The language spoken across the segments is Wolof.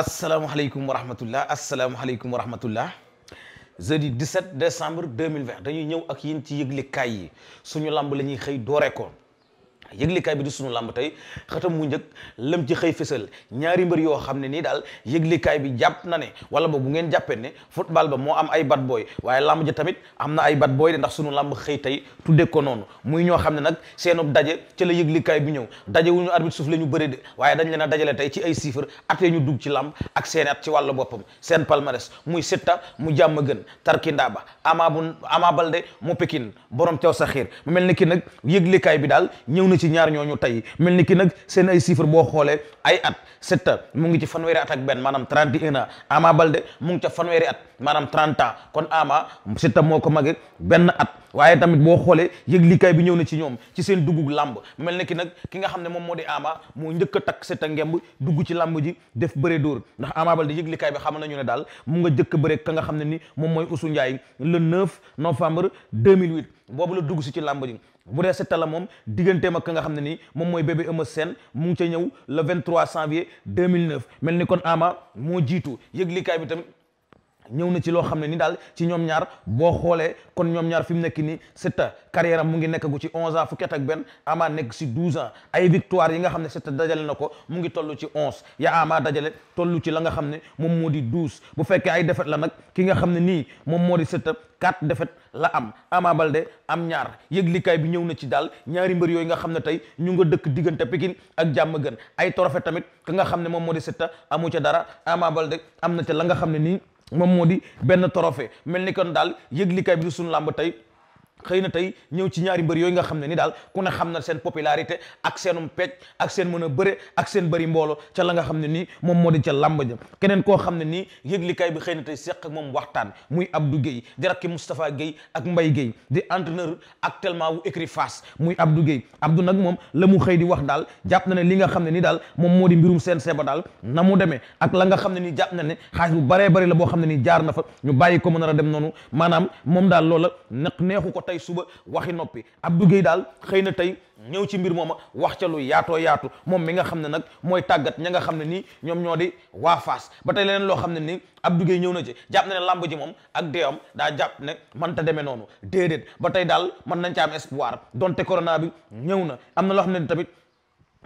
asalaamaaleykum wa rahmatullah asalaamaaleykum wa rahmatullah jeudi 17 décembre 2020 dañuy ñëw ak yéen ci yëgle kaay yi suñu làmb la ñuy xëy doore ko yëglikaay bi di sunu lamb tey xatam mu njëkk lam ci xëy fësal ñaari mbër yoo xam ne nii daal yëglikaay bi jàpp na ne wala boog bu ngeen jàppee ne football ba moo am ay bat boy waaye lamb ja tamit am na ay bat boy de ndax sunu lamb xëy tey tudde ko noonu muy ñoo xam ne nag seenub daje ci la yëglikaay bi ñëw daje wu ñu arbitre suuf la ñu bëre de waaye dañ leen a dajale tey ci ay chiffres atee ñu dugg ci lamb ak seen at ci wàllu boppam seen palmarès muy Siteu mu jàmm gën tarkindaa ba ama bu ama balde mu Pikine borom teew sa mel ni nag yëglikaay bi daal ci ñaar ñooñu tey mel ni ki nag seen ay chiffre boo xoolee ay at Siteu mu ngi ci fanweeri at ak benn maanaam 31 ans Ama Baldé mu ngi ca fanweeri at maanaam 30 ans kon Ama Siteu moo ko mage benn at waaye tamit boo xoolee yëg likaay bi ñëw na ci ñoom ci seen dugg làmb mel ni ki nag ki nga xam ne moom moo di Ama moo njëkk takk Siteu ngemb dugg ci làmb ji def bëre dóor ndax Ama Baldé yëg bi xam nañu ne daal mu nga jëkk bëre ka nga xam ne ni moom mooy Usu Njaay le 9 novembre 2008 boobu la dugg si ci làmb ji bu dee Siteu la moom digganteem ak ka nga xam ne nii moom mooy bébé Eumeu seen mu ngi ca ñëw le 23 janvier 2009 mel ni kon Ama moo jiitu yëglikaay bi tam ñëw na ci loo xam ne nii daal ci ñoom ñaar boo xoolee kon ñoom ñaar fi mu nekk nii Siteu carrière am mu ngi nekk gu ci onze ans fukki at ak nekk si douze ans ay victoire yi nga xam ne Siteu dajale na ko mu ngi toll ci onze ya dajale toll ci la nga xam ne moom moo di douze bu fekkee ay défaite la nag ki nga xam ne nii moom moo di Siteu quatre défaite la am Ama Baldé am ñaar yëglikaay bi ñëw na ci daal ñaari mbër yooyu nga xam ne tey ñu nga dëkk diggante Pikine ak jàmm gën ay trophée tamit ka nga xam ne moom moo di Siteu amu ca dara Ama Baldé am na ca la nga xam ne nii moom moo di benn trophée mel ni kon daal yëglikaay bi di sunu làmb tey xëy na tey ñëw ci ñaari mbër yooyu nga xam ne nii daal ku ne xam na seen popularité ak seenum pecc ak seen mën a bëre ak seen bëri mbooloo ca la nga xam ne nii moom moo di ca làmb ja keneen koo xam ne nii yëglikaay bi xëy na tey seq moom waxtaan muy Abdou Guèye di rakki Moustapha ak Mbaye Guèye di entraîneur actuellement wu écrit face muy Abdou Guèye Abdou nag moom la mu xëy di wax daal jàpp na ne li nga xam ne nii daal moom moo di mbirum seen seeba daal na mu demee ak la nga xam ne ni jàpp na ne xaalis bu baree bari la boo xam ne ni jaar na fa ñu bàyyi ko mën a dem noonu maanaam moom daal loola neexu tey suba waxi noppi Abdou Guèye daal xëy na tey ñëw ci mbir mooma wax ca lu yaatoo yaatu moom mi nga xam ne nag mooy tàggat ña nga xam ne nii ñoom ñoo di waa Fass ba tey leneen loo xam ne nii Abdou Guèye ñëw na ci jàpp na làmb ji moom ak deewam daa jàpp ne man ta demee noonu déedéet ba tey daal mën nañ ca am espoir donte corona bi ñëw na am na loo xam ne tamit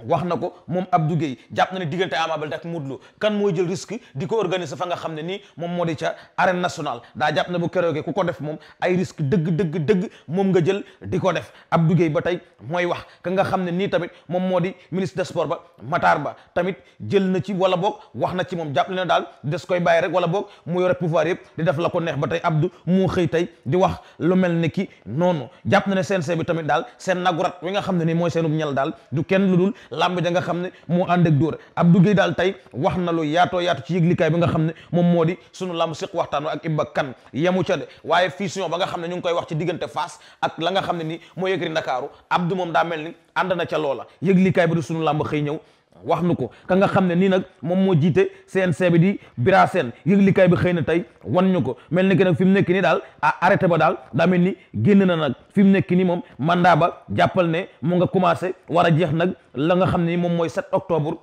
wax na ko moom Abdou Gueye jàpp na ne diggante Ama Baldé ak Modou Lô kan mooy jël risque di ko organiser fa nga xam ne nii moom moo di ca arène nationale daa jàpp na bu keroogee ku ko def moom ay risque dëgg dëgg dëgg moom nga jël di ko def Abdou Gueye ba tey mooy wax ka nga xam ne nii tamit moom moo di ministre des sports ba Matar Ba tamit jël na ci wala boog wax na ci moom jàpp na ne daal des koy bàyyi rek wala boog mu yore pouvoir di def la ko neex ba tey Abdou mu xëy tey di wax lu mel ni ki noonu jàpp na ne CNG bi tamit daal seen nagurat wi nga xam ne nii mooy seenub ñal daal du kenn lamb ja nga xam ne moo ànd ak dóor Abdou Guèye daal tey wax na lu yaatoo yaat ci yëglikaay bi nga xam ne moom moo di sunu lamb siq waxtaano ak Iba Kane yemu ca de waaye fusion ba nga xam ne ñu ngi koy wax ci diggante fas ak la nga xam ne ni moo yëgri Ndakaaru Abdou moom daa mel ni ànd na ca loola yëglikaay bi du sunu làmb xëy ñëw wax nu ko ka nga xam ne nii nag moom moo jiite CNC bi di Bira Sène yëglikaay bi xëy na tey wan ko mel ni que nag fi mu nekk nii daal ah arrêté ba daal daa mel ni génn na nag fi mu nekk nii moom mandat ba jàppal ne mu nga commencé war a jeex nag la nga xam ne ni moom mooy set octobre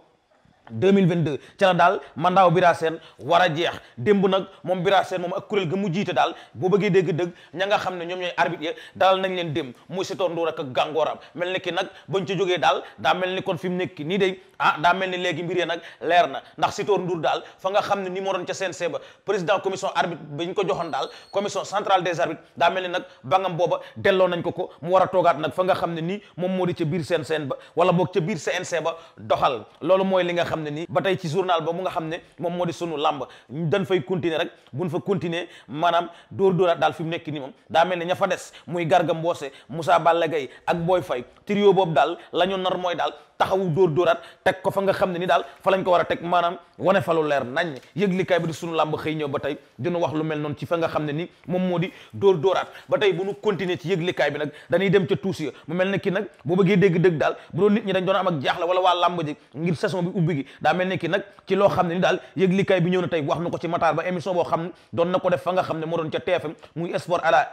2022 ci la daal mandaaw Bira Sène war a jeex démb nag moom Bira Sène moom ak kuréel ga mu jiite daal boo bëggee dégg-dëgg ña nga xam ne ñoom ñooy arbitre ya daal nañ leen dem muy Sitor Ndour ak gàngooram mel ni ki nag bañ ci jógee daal daa mel ni kon fi mu nekk nii de ah daa mel ni léegi mbir ya nag leer na ndax Sitor Ndour daal fa nga xam ne ni moo ca CNG président commission arbitre ko joxoon daal commission centrale des arbitres daa mel ni nag bangam booba delloo nañ ko ko mu war a toogaat fa nga xam ne nii moom moo di ca biir seen ba wala boog ca biir CNG ba doxal loolu mooy li xam ne nii ba tey ci journal boobu nga xam ne moom moo di sunu làmb dañ fay continuer rek buñ fa continuer maanaam dóor dóoraat daal fi mu nekk nii moom daa mel ne ña fa des muy Garga Mbossé Moussa Balla Gaye ak Boy Faye trio boobu daal la ñu nar mooy daal taxawu dóor dóoraat teg ko fa nga xam ne ni daal fa lañ ko war a teg maanaam wane fa lu leer nañ yëglikaay bi di sunu làmb xëy ñëw ba tey dinu wax lu mel noonu ci fa nga xam ne ni moom moo di dóor dóoraat ba tey bu ñu continuer ci yëglikaay bi nag dañuy dem ca tuus mu mel ne ki nag boo bëggee dégg dëgg daal bu doon nit ñi dañ doon am ak jaaxle wala waa làmb ji ngir saison bi ubbi gi léegi daa mel ni ki nag ci loo xam ne ni daal yëglikaay bi ñëw na tey wax na ko ci Matar Ba émission boo xam ne doon na ko la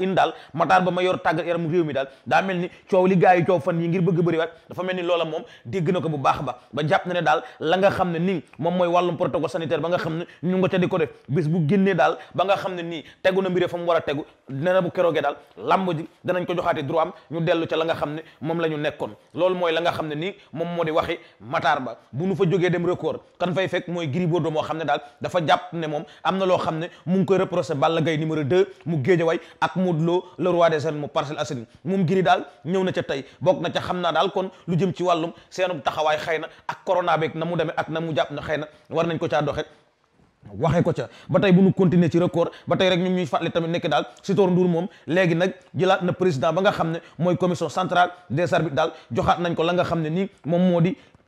une moom dégg xam ne ne ñu nga ca di ko def bis a tegu nee na bu ko joxaati droit am ñu dellu ca la nga xam ne moom la ñu nekkoon lool mooy la nga xam ne nii moom moo di waxi Matar Ba bu nu fa jógee dem record kan fay fekk mooy Gris Bordeaux moo xam ne daal dafa jàpp ne moom am na loo xam ne mu ngi koy reproché Balla Gaye numéro 2 mu Guédiawaye ak Modou Lo le roi des arènes mu Parcelles Assainies moom Gris daal taxawaay xëy ak corona beeg na mu demee ak na mu jàpp na xëy war nañ ko caa doxee waxee ko ca ba tey bu ñu continuer ci record ba tey rek ñun ñuy fàttali tamit nekk daal Sitor Ndour moom léegi nag jëlaat na président ba nga xam ne mooy commission centrale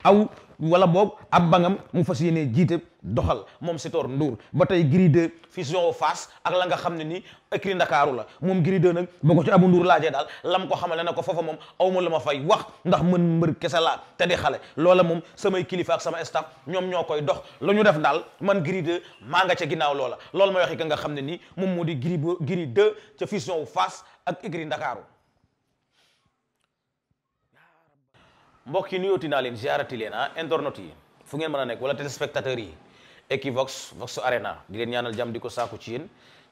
aw wala boog ab bangam mu fas yéene jiite doxal moom Sitor nduur ba tey Gris 2 fusion wu Fass ak la nga xam ne nii écurie Ndakaaru la moom Gris nag ba ko ci Abou Ndour laajee daal lam ko xamale ne ko foofa moom aw la ma fay wax ndax mën mbër kese laa te di xale loola moom samay kilifa ak sama staff ñoom ñoo koy dox lu ñu def daal man Gris 2 maa nga ca ginnaaw loola loolu ma waxi ka nga xam ne nii moom moo di Gris Gris 2 ca fusion wu Fass ak écurie Ndakaaru mbokk yi nuyooti naa leen ziarati leen ah internautes yi fu ngeen mën a nekk wala téléspectateurs yi Equivox Vox Arena di leen ñaanal jàmm di ko saaku ci yéen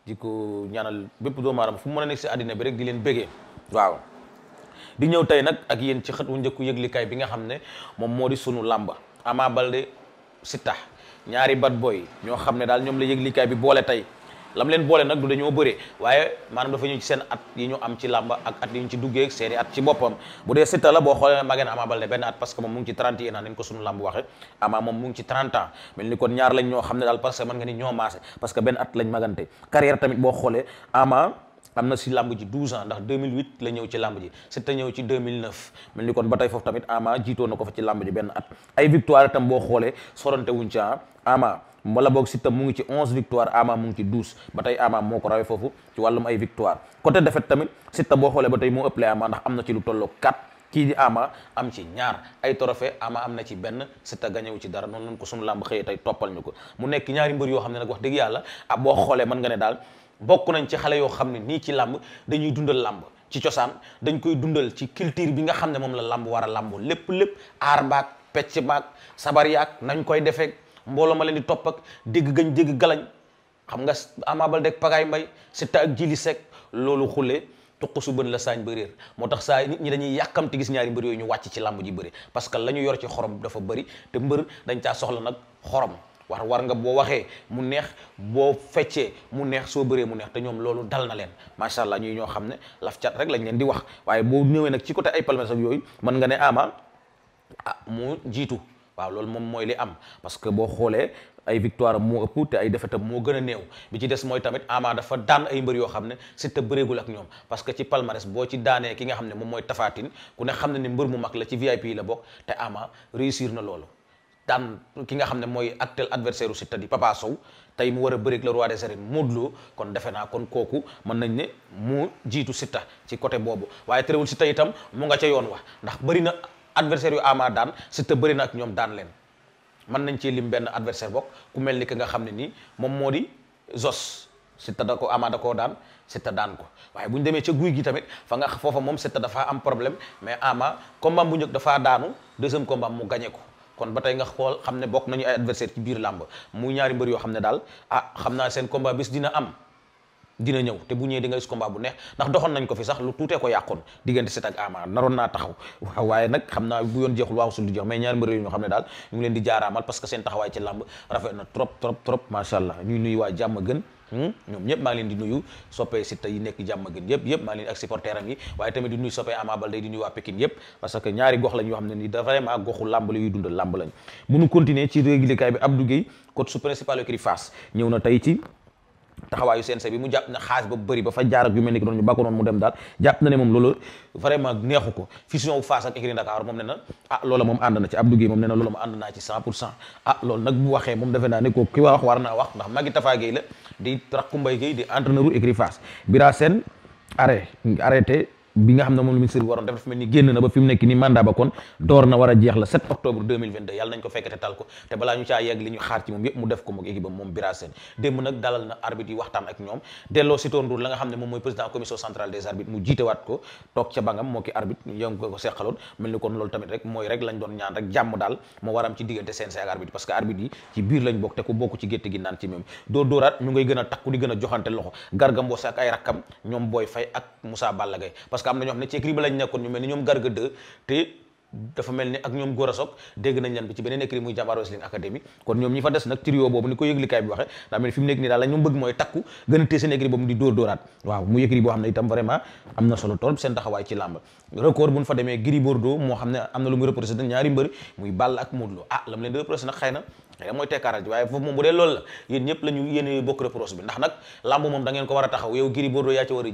di ko ñaanal bépp doomu aadama fu mu mën a nekk si àddina bi rek di leen bégee waaw di ñëw tey nag ak yéen ci xët wu njëkku yëglikaay bi nga xam ne moom moo di sunu làmba Ama Balde Siteu ñaari bad boy ñoo xam ne daal ñoom la yëglikaay bi boole tey lam leen boole nag du dañoo bëree waaye maanaam dafa ñëw seen at yi ñu am ci làmb ak at yi ñu ci duggee seeni at ci boppam bu dee Siteu la boo xoolee mageen Ama Baldé benn at parce que moom mu ngi ci 31 ans nañ ko sunu làmb waxe Ama moom mu ngi ci 30 ans mel ni kon ñaar lañ ñoo xam ne daal parce que mën nga ni ñoo maase parce que benn at lañ magante carrière tamit boo xoolee Ama am na si làmb ji 12 ans ndax 2008 la ñëw ci ñëw ci wala boog Siteu mu ngi ci onze victoire Ama mu ngi ci douze ba tey Ama moo ko rawee foofu ci wàllum ay victoire côté défaite tamit Siteu boo xoolee ba tey moo ëppale Ama ndax am na ci lu tolloo quatre kii di am ci ñaar ay trophée Ama am na ci benn Siteu gañewu ci dara noonu lañ ko sunu làmb xëyee tey toppal ñu ko mu nekk ñaari mbër yoo xam ne nag wax dëgg yàlla ah boo xoolee mën nga ne daal bokk nañ ci xale yoo xam ne nii ci làmb dañuy dundal làmb ci cosaan dañ koy dundal ci culture bi nga xam ne moom la làmb war a làmb lépp lépp aar mbaag pecc mbaag sabar yaag nañ koy defee mbooloo ma leen di topp ak dégg gañ dégg galañ xam nga Ama Baldé ak Pagaye mbay Siteu ak Jili Seck loolu xule tuq su bën la saañ ba réer moo tax saa nit ñi dañuy yàkkamti gis ñaari mbër yooyu ñu wàcc ci làmb ji bëri parce que la ñu yor ci xorom dafa bëri te mbër dañ caa soxla nag xorom war war nga boo waxee mu neex boo feccee mu neex soo bëree mu neex te ñoom loolu dal na leen macha allah ñuy ñoo xam ne laf cat rek lañ leen di wax waaye boo ñëwee nag ci côté ay palmarès yooyu mën nga ne Ama ah jiitu waaw loolu moom mooy li am parce que boo xoolee ay victoire moo ëpp te ay défaite am moo gën a néew bi ci des mooy tamit Ama dafa daan ay mbër yoo xam ne Siteu bëreegul ak ñoom parce que ci palmarès boo ci daanee ki nga xam ne moom mooy Tapha ku ne xam ne ni mbër mu mag la ci VIP la bokk te Ama réussir na loolu daan ki nga xam ne mooy actuel adversaire u Siteu di Papa Sow tey mu war a bëreeg le roi des arènes Modou Lo kon defe naa kon kooku mën nañ ne mu jiitu Siteu ci côté boobu waaye terewul Siteu itam mu nga ca yoon wa adversaire yu Ama daan Siteu bëri na ak ñoom daan leen mën nañ ci lim benn adversaire bokk ku mel ni ki nga xam ne nii moom moo di Zos Siteu da ko Ama koo daan Siteu daan ko waaye bu ñu demee ca guy gi tamit fa nga foofa moom Siteu dafa am problème mais Ama combat bu njëkk dafaa daanu deuxième combat mu gagné ko kon ba tey nga xool xam ne bokk nañu ay adversaire ci biir làmb muy ñaari mbër yoo xam ne daal ah xam naa seen combat bis dina am. dina ñëw te bu ñëwee di nga gis bu neex ndax doxoon nañ ko fi sax lu tuutee ko yàqoon diggante Siteu ak Ama naroon naa taxaw waaw waaye nag xam naa bu yoon jeexul waaw sul du jeex mais ñaar mbër xam ne daal ñu di jaaraamal parce que seen taxawaay ci làmb rafet na hmm? ñëpp maa yëpp yëpp am yi que ñaari gox lañ yoo xam ne ni goxu làmb la dundal làmb lañ munu continuer ci réglikaay bi Abdou Gueye coach su principal écurie ñëw na tey ci taxawaayu CNG bi mu jàpp ne xaalis ba bëri ba fa jaar ak yu mel ni ki noonu ñu noonu mu dem daal jàpp na ne moom loolu vraiment neexu ko fusion wu ak écurie Dakar moom ne ah loola moom ànd ci Abdou moom ne loola moom ànd ci cent pour cent ah loolu nag bu waxee moom defe naa ne ko ki wax war wax ndax Magui Tafa Guèye di rakku Mbaye di entraîneur u écurie Bira Sène arrêté bi nga xam ne moom la ministre bi waroon def dafa mel ni génn na ba fi nekk ni mandat ba kon door na war a jeex la 7 octobre 2022 yàlla nañ ko fekk te tal ko te balaa ñu caa yegg li xaar ci moom la mooy président commission centrale des arbitres mu jiitewaat ko toog ca bangam moo ki arbitre yo ngi ko seqaloon mel ni kon loolu tamit rek mooy rek lañ doon ñaan rek jàmm daal moo waram ci diggante CNG ak arbitre parce que arbitre yi ci biir lañ bokk te ku bokk parce que am ñoo xam ne ci écrit ba lañ nekkoon ñu mel ni ñoom Garga te dafa mel ni ak ñoom Gora Sock dégg nañ leen bi ci beneen écrit muy Jàmbaar Wrestling Academy kon ñoom ñi fa des nag trio boobu ni ko yëglikaay bi waxe daa mu nekk nii muy représenté ak Modou ah la mu leen di représenté nag xëy na mooy tekkaaral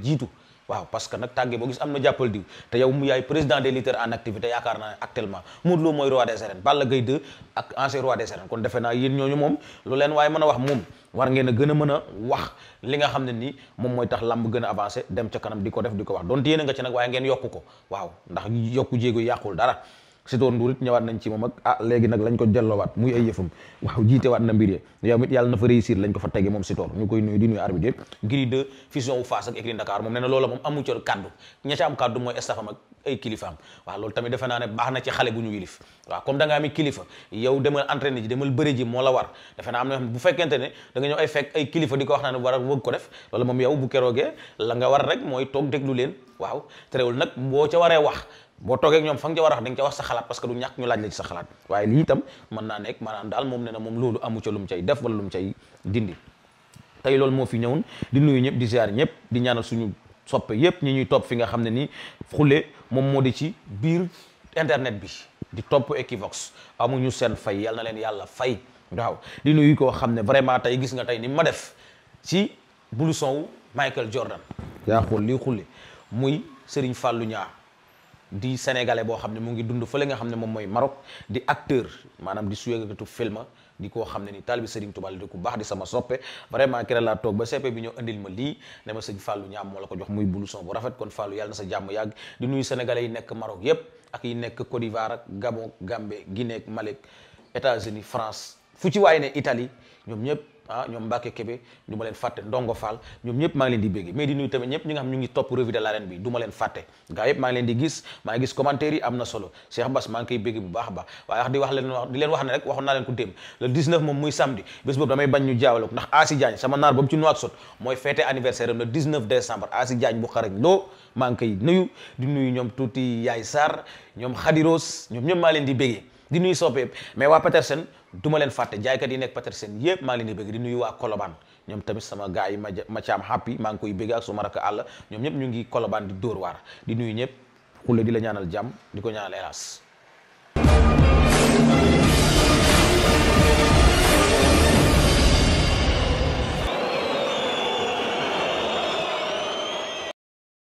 jiitu waaw parce que nag tàggee boo gis am na jàppal diw te yow mu yaay président des lutteurs en activité yaakaar naa actuellement Modou Lo mooy roi des arènes Balla Gaye 2 ak ancien roi des arènes kon defe naa yéen ñooñu moom lu leen waaye mën a wax moom war a gën a mën a wax li nga xam ne nii moom mooy tax làmb gën avancé dem ca kanam di ko def di ko wax doon yéen a nga ci nag waaye ngeen yokku ko waaw ndax yokku jéego yàqul dara Sitor Ndour it ñëwaat nañ ci moom ak ah léegi nag lañ ko delloowaat muy ay yëfam waaw jiitewaat na mbir ya yow it yàlla na fa réussir lañ ko fa tege moom Sitor ñu koy nuyu di nuyu arbitre yëpp ngir de fusion wu Fass ak écurie Dakar moom nee na loola moom amu ci kaddu ña ca am kaddu mooy staffam ak ay kilifaam waaw loolu tamit defe naa ne baax na ci xale bu ñu yilif waaw comme da nga ami kilifa yow demal entraîné ji demal bëre ji moo la war defe naa am na bu fekkente ne da nga ñëw ay fekk ay kilifa di ko wax naa ne a wëgg ko def loolu moom yow bu keroogee la nga war rek mooy toog déglu leen waaw terewul nag boo ca waree wax boo toogee ak ñoom fa nga ca war a wax da nga ca wax sa xalaat parce ñu laaj la ci sa xalaat waaye lii itam mën naa nekk maanaam daal moom ne na moom loolu amu ca lu mu cay def wala lu cay dindi tey loolu moo fi ñëwoon di nuyu ñëpp di ziar ñëpp di ñaanal suñu soppe yëpp ñi ñuy topp fi nga xam ne nii xule moom moo di ci biir internet bi di topp Equivox amuñu seen fay yal na leen yàlla fay waaw di nuyu koo xam ne vraiment tey gis nga tey ni ma def ci blouson wu Michael Jordan yaa xool lii xule muy Serigne fàllu ñaa di sénégalais boo xam ne mu ngi dund fële nga xam ne moom mooy Maroc di acteur maanaam di su suyegatu film di koo xam ne ni taalibi Serigne Touba la di ku baax di sama soppe vraiment kere laa toog ba CP bi ñëw indil ma lii ne ma sëñ Fallou ñaam moo ko jox muy blouson bu rafet kon Fallou yàlla na sa jàmm yàgg di nuyu sénégalais yi nekk Maroc yépp ak yi nekk Côte d'Ivoire ak Gabon Gambie Guinée Mali États-Unis France fu ci waay ne itali ñoom ñëpp ah ñoom Mbacke Kébé du ma leen fàtte Ndongo Fall ñoom ñëpp maa ngi leen di bégge mais di nuyu tamit ñëpp ñi nga xam ñu ngi topp revue de l'arène bi du ma leen fàtte gaa na a baax waaye wax di wax leen wax moom muy samedi bés boobu damay bañ ñu jaawale ndax Asi Diagne sama naar ba mu ci nuwaat sot mooy fête anniversaire am le 19 décembre Asi Diagne bu xarañ loo maa ngi koy nuyu di nuyu ñoom tuuti Yaay Sarr ñoom Khadiros ñoom ñëpp maa leen di bégge di nuyu soppe yëpp mais waa Petersen du ma leen fàtte jaaykat yi nekk Petersen yëpp maa ngi leen di bëgg di nuyu waa Colobane ñoom tamit sama gars yi ma ma caam happy maa ngi koy bëgg ak suma rakk àll ñoom ñëpp ñu ngi Colobane di dóor waar di nuyu ñëpp xulle di la ñaanal jàmm di ko ñaanal hélas